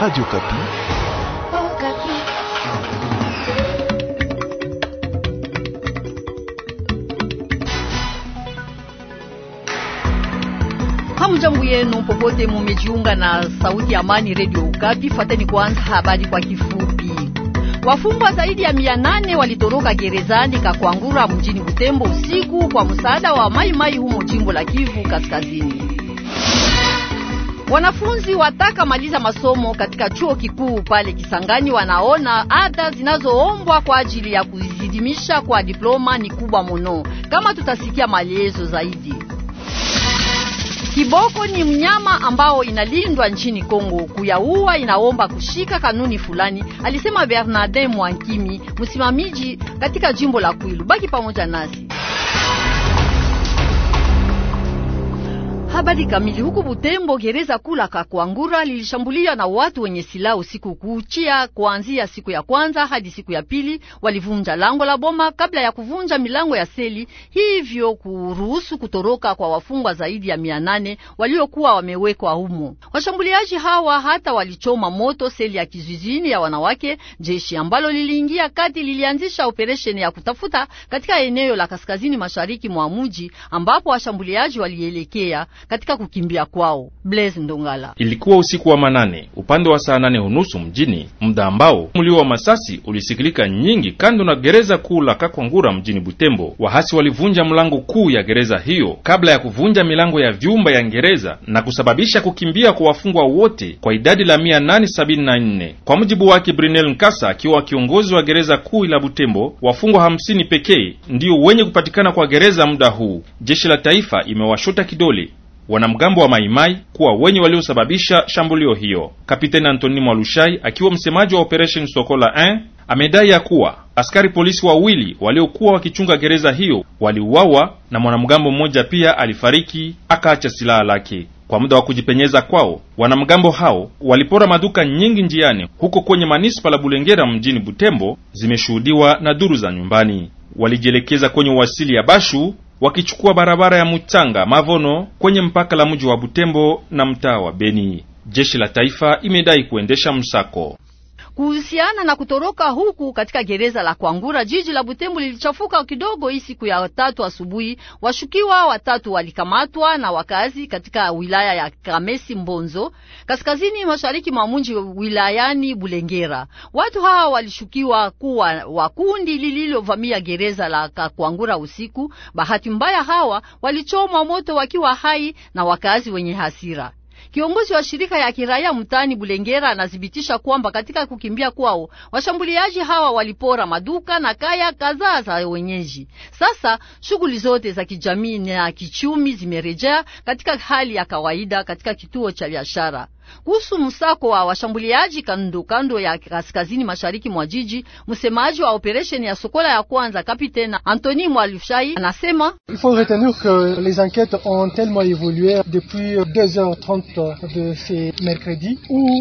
Radio Kapi. Oh, Kapi. Hamjambo yenu popote mumejiunga na sauti ya amani Radio Kapi. Fateni kwanza habari kwa kifupi. Wafungwa zaidi ya mia nane walitoroka gerezani Kakwangura mjini Butembo usiku kwa msaada wa Mai Mai humo jimbo la Kivu Kaskazini. Wanafunzi wataka maliza masomo katika chuo kikuu pale Kisangani wanaona ada zinazoombwa kwa ajili ya kuzidimisha kwa diploma ni kubwa mno. Kama tutasikia maelezo zaidi. Kiboko ni mnyama ambao inalindwa nchini Kongo. Kuyaua inaomba kushika kanuni fulani, alisema Bernardin Mwankimi, msimamizi katika jimbo la Kwilu. Baki pamoja nasi. Habari kamili. Huku Butembo, gereza kula Kakwangura lilishambuliwa na watu wenye silaha usiku kuuchia, kuanzia siku ya kwanza hadi siku ya pili. Walivunja lango la boma kabla ya kuvunja milango ya seli, hivyo kuruhusu kutoroka kwa wafungwa zaidi ya mia nane waliokuwa wamewekwa humo. Washambuliaji hawa hata walichoma moto seli ya kizuizini ya wanawake. Jeshi ambalo liliingia kati lilianzisha operesheni ya kutafuta katika eneo la kaskazini mashariki mwa mji ambapo washambuliaji walielekea katika kukimbia kwao. Blaise Ndongala. Ilikuwa usiku wa manane upande wa saa nane unusu mjini, muda ambao mlio wa masasi ulisikilika nyingi kando na gereza kuu la Kakwangura mjini Butembo. Wahasi walivunja mlango kuu ya gereza hiyo kabla ya kuvunja milango ya vyumba ya gereza na kusababisha kukimbia kwa wafungwa wote kwa idadi la 874 kwa mujibu wake brunel Nkasa akiwa kiongozi wa gereza kuu la Butembo. Wafungwa hamsini pekee ndio wenye kupatikana kwa gereza muda huu. Jeshi la taifa imewashota kidole wanamgambo wa Maimai kuwa wenye waliosababisha shambulio hiyo. Kapteni Antoni Mwalushai akiwa msemaji wa Operation Sokola 1 amedai ya kuwa askari polisi wawili waliokuwa wakichunga gereza hiyo waliuawa na mwanamgambo mmoja pia alifariki akaacha silaha lake. Kwa muda wa kujipenyeza kwao, wanamgambo hao walipora maduka nyingi njiani huko kwenye manispa la Bulengera mjini Butembo, zimeshuhudiwa na duru za nyumbani. Walijielekeza kwenye uwasili ya Bashu wakichukua barabara ya Mutanga Mavono kwenye mpaka la mji wa Butembo na mtaa wa Beni. Jeshi la taifa imedai kuendesha msako. Kuhusiana na kutoroka huku katika gereza la Kwangura, jiji la Butembo lilichafuka kidogo. Hii siku ya tatu asubuhi, washukiwa watatu walikamatwa na wakazi katika wilaya ya Kamesi Mbonzo, kaskazini mashariki mwa mji wilayani Bulengera. Watu hawa walishukiwa kuwa wa kundi lililovamia gereza la Kwangura usiku. Bahati mbaya, hawa walichomwa moto wakiwa hai na wakazi wenye hasira. Kiongozi wa shirika ya kiraia mtaani Bulengera anathibitisha kwamba katika kukimbia kwao washambuliaji hawa walipora maduka na kaya kadhaa za wenyeji. Sasa shughuli zote za kijamii na kichumi zimerejea katika hali ya kawaida katika kituo cha biashara. Kuhusu msako wa washambuliaji kandokando ya kaskazini mashariki mwa jiji, msemaji wa operesheni ya Sokola ya kwanza kapitena Anthony mwalushai anasema il faut retenir que les enquêtes ont tellement depuis 2h30 de ce mercredi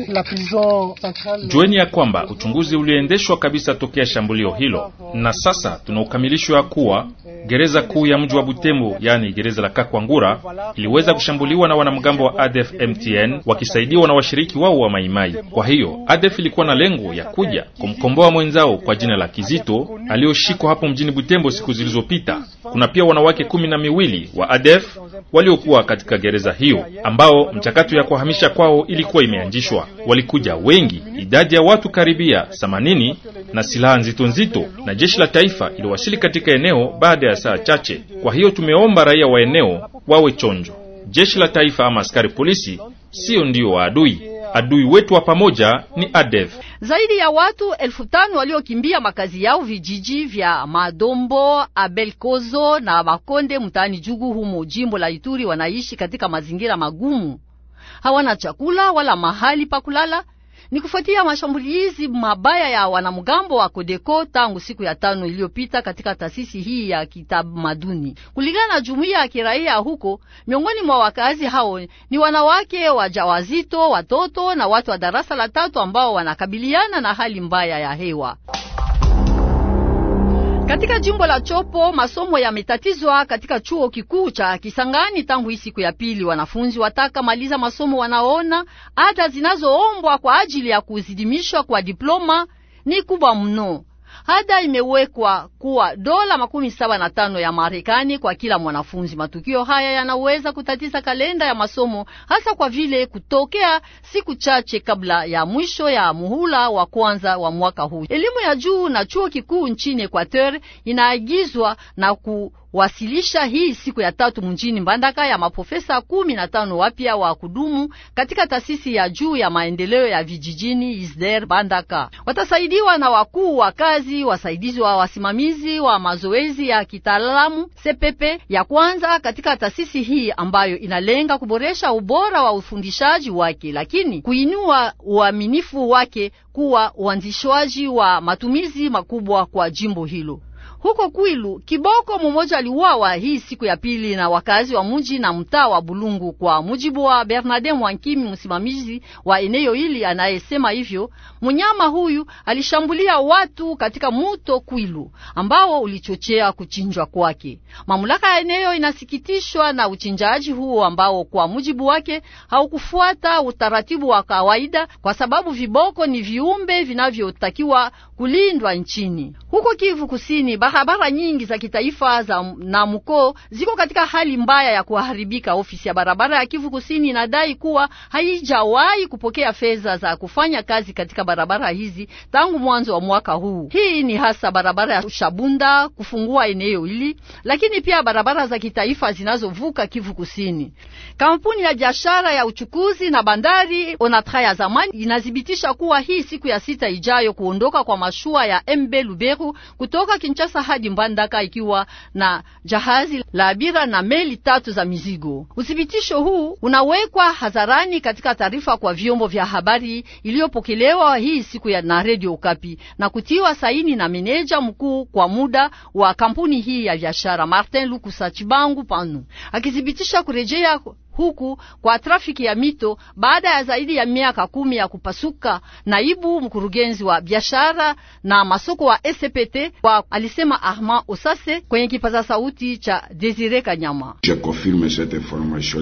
la prison centrale. Jueni ya kwamba uchunguzi uliendeshwa kabisa tokea shambulio hilo, na sasa tunaukamilishwa kuwa Gereza kuu ya mji wa Butembo, yani gereza la Kakwangura, iliweza kushambuliwa na wanamgambo wa ADF MTN wakisaidiwa na washiriki wao wa Maimai. Kwa hiyo ADF ilikuwa na lengo ya kuja kumkomboa mwenzao kwa jina la Kizito aliyoshikwa hapo mjini Butembo siku zilizopita. Kuna pia wanawake kumi na miwili wa ADF waliokuwa katika gereza hiyo, ambao mchakato ya kuhamisha kwao ilikuwa imeanzishwa. Walikuja wengi, idadi ya watu karibia 80 na silaha nzito nzito, na jeshi la taifa iliwasili katika eneo baada ya saa chache. Kwa hiyo tumeomba raia wa eneo wawe chonjo. Jeshi la taifa ama askari polisi sio ndio waadui. Adui wetu wa pamoja ni ADF. Zaidi ya watu elfu tano waliokimbia makazi yao vijiji vya Madombo, Abelkozo na Makonde mtaani Jugu humo jimbo la Ituri wanaishi katika mazingira magumu. Hawana chakula wala mahali pa kulala ni kufuatia mashambulizi mabaya ya wanamgambo wa Kodeko tangu siku ya tano iliyopita katika taasisi hii ya kitamaduni. Kulingana na jumuiya ya kiraia huko, miongoni mwa wakazi hao ni wanawake wajawazito, watoto na watu wa darasa la tatu ambao wanakabiliana na hali mbaya ya hewa. Katika jimbo la Chopo masomo yametatizwa katika chuo kikuu cha Kisangani tangu hii siku ya pili. Wanafunzi wataka maliza masomo wanaona ada zinazoombwa kwa ajili ya kuzidimishwa kwa diploma ni kubwa mno hada imewekwa kuwa dola makumi saba na tano ya Marekani kwa kila mwanafunzi. Matukio haya yanaweza kutatiza kalenda ya masomo, hasa kwa vile kutokea siku chache kabla ya mwisho ya muhula wa kwanza wa mwaka huu. Elimu ya juu na chuo kikuu nchini Equateur inaagizwa na ku wasilisha hii siku ya tatu mjini Mbandaka ya maprofesa kumi na tano wapya wa kudumu katika taasisi ya juu ya maendeleo ya vijijini ISDER Mbandaka. Watasaidiwa na wakuu wa kazi, wasaidizi wa wasimamizi wa mazoezi ya kitaalamu sepepe ya kwanza katika taasisi hii ambayo inalenga kuboresha ubora wa ufundishaji wake, lakini kuinua uaminifu wake kuwa uanzishwaji wa matumizi makubwa kwa jimbo hilo. Huko Kwilu kiboko mumoja aliuawa hii siku ya pili na wakazi wa muji na mtaa wa Bulungu, kwa mujibu wa Bernardin Mwankimi, msimamizi wa eneo hili anayesema hivyo. Munyama huyu alishambulia watu katika muto Kwilu ambao ulichochea kuchinjwa kwake. Mamlaka ya eneo inasikitishwa na uchinjaji huo ambao kwa mujibu wake haukufuata utaratibu wa kawaida, kwa sababu viboko ni viumbe vinavyotakiwa kulindwa nchini. Huko Kivu Kusini barabara nyingi za kitaifa za na mkoo ziko katika hali mbaya ya kuharibika. Ofisi ya barabara ya Kivu Kusini inadai kuwa haijawahi kupokea fedha za kufanya kazi katika barabara hizi tangu mwanzo wa mwaka huu. Hii ni hasa barabara ya Shabunda kufungua eneo hili, lakini pia barabara za kitaifa zinazovuka Kivu Kusini. Kampuni ya biashara ya uchukuzi na bandari Onatra ya zamani inathibitisha kuwa hii siku ya sita ijayo kuondoka kwa mashua ya MB Luberu kutoka Kinshasa kutoka hadi Mbandaka ikiwa na jahazi la abira na meli tatu za mizigo. Uthibitisho huu unawekwa hadharani katika taarifa kwa vyombo vya habari iliyopokelewa hii siku ya na Radio Okapi na kutiwa saini na meneja mkuu kwa muda wa kampuni hii ya biashara Martin Lukusa Chibangu Panu akithibitisha kurejea huku kwa trafiki ya mito baada ya zaidi ya miaka kumi ya kupasuka. Naibu mkurugenzi wa biashara na masoko wa SPT kwa alisema Armand Osase kwenye kipaza sauti cha Desire Kanyama.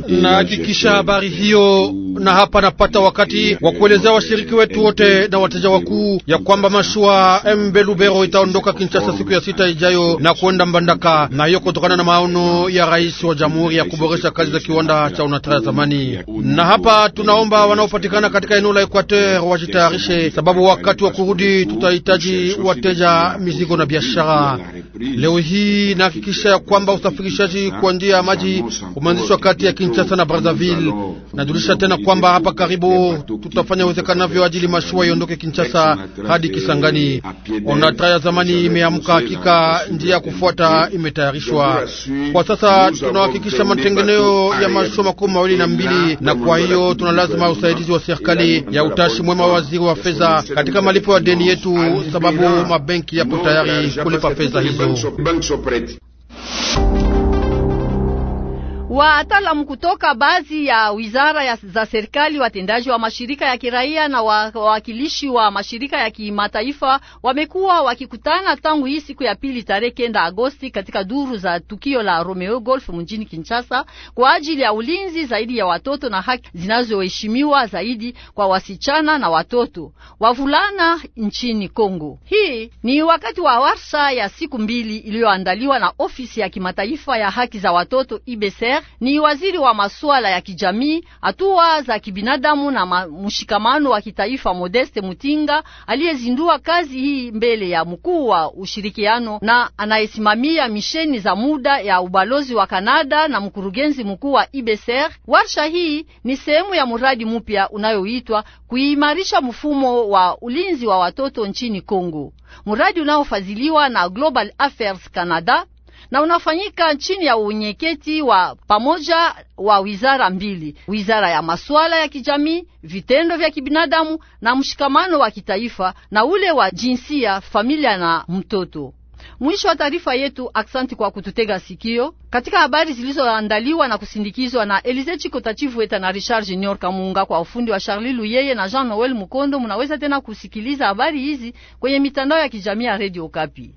Nahakikisha habari hiyo, na hapa napata wakati wa kuelezea washiriki wetu wote na wateja wakuu ya kwamba mashua MB Lubero itaondoka Kinshasa siku ya sita ijayo na kwenda Mbandaka, na hiyo kutokana na maono ya rais wa jamhuri ya kuboresha kazi za kiwanda cha unatara zamani. Na hapa tunaomba wanaopatikana katika eneo la Equateur wajitayarishe, sababu wakati wa kurudi tutahitaji wateja, mizigo na biashara. Leo hii nahakikisha ya kwamba usafirishaji ah, kwa njia ya maji umeanzishwa kati ya Kinshasa na Brazzaville. Najulisha tena kwamba hapa karibu tutafanya uwezekanavyo ajili mashua iondoke Kinshasa hadi Kisangani. Onatra ya zamani imeamka, hakika njia ya kufuata imetayarishwa kwa sasa. Tunahakikisha matengeneo ya mashua makumi mawili na mbili, na kwa hiyo tuna lazima usaidizi wa serikali ya utashi mwema wa waziri wa fedha katika malipo ya deni yetu, sababu mabenki yapo tayari kulipa fedha hizo. Wataalamu kutoka baadhi ya wizara ya za serikali, watendaji wa mashirika ya kiraia na wawakilishi wa mashirika ya kimataifa wamekuwa wakikutana tangu hii siku ya pili tarehe kenda Agosti katika duru za tukio la Romeo Golf mjini Kinshasa kwa ajili ya ulinzi zaidi ya watoto na haki zinazoheshimiwa zaidi kwa wasichana na watoto wavulana nchini Kongo. Hii ni wakati wa warsha ya siku mbili iliyoandaliwa na ofisi ya kimataifa ya haki za watoto IBCR ni waziri wa masuala ya kijamii, hatua za kibinadamu na mshikamano wa kitaifa Modeste Mutinga aliyezindua kazi hii mbele ya mkuu wa ushirikiano na anayesimamia misheni za muda ya ubalozi wa Kanada na mkurugenzi mkuu wa IBSR. Warsha hii ni sehemu ya mradi mpya unayoitwa kuimarisha mfumo wa ulinzi wa watoto nchini Kongo, mradi unaofadhiliwa na Global Affairs Canada na unafanyika chini ya unyeketi wa pamoja wa wizara mbili, wizara ya masuala ya kijamii, vitendo vya kibinadamu na mshikamano wa kitaifa na ule wa jinsia, familia na mtoto. Mwisho wa taarifa yetu. Aksanti kwa kututega sikio katika habari zilizoandaliwa na kusindikizwa na Elize Chikota Chivueta na Richard Junior Kamunga kwa ufundi wa Charlie Luyeye na Jean Noel Mukondo. Munaweza tena kusikiliza habari hizi kwenye mitandao ya kijamii ya Radio Kapi.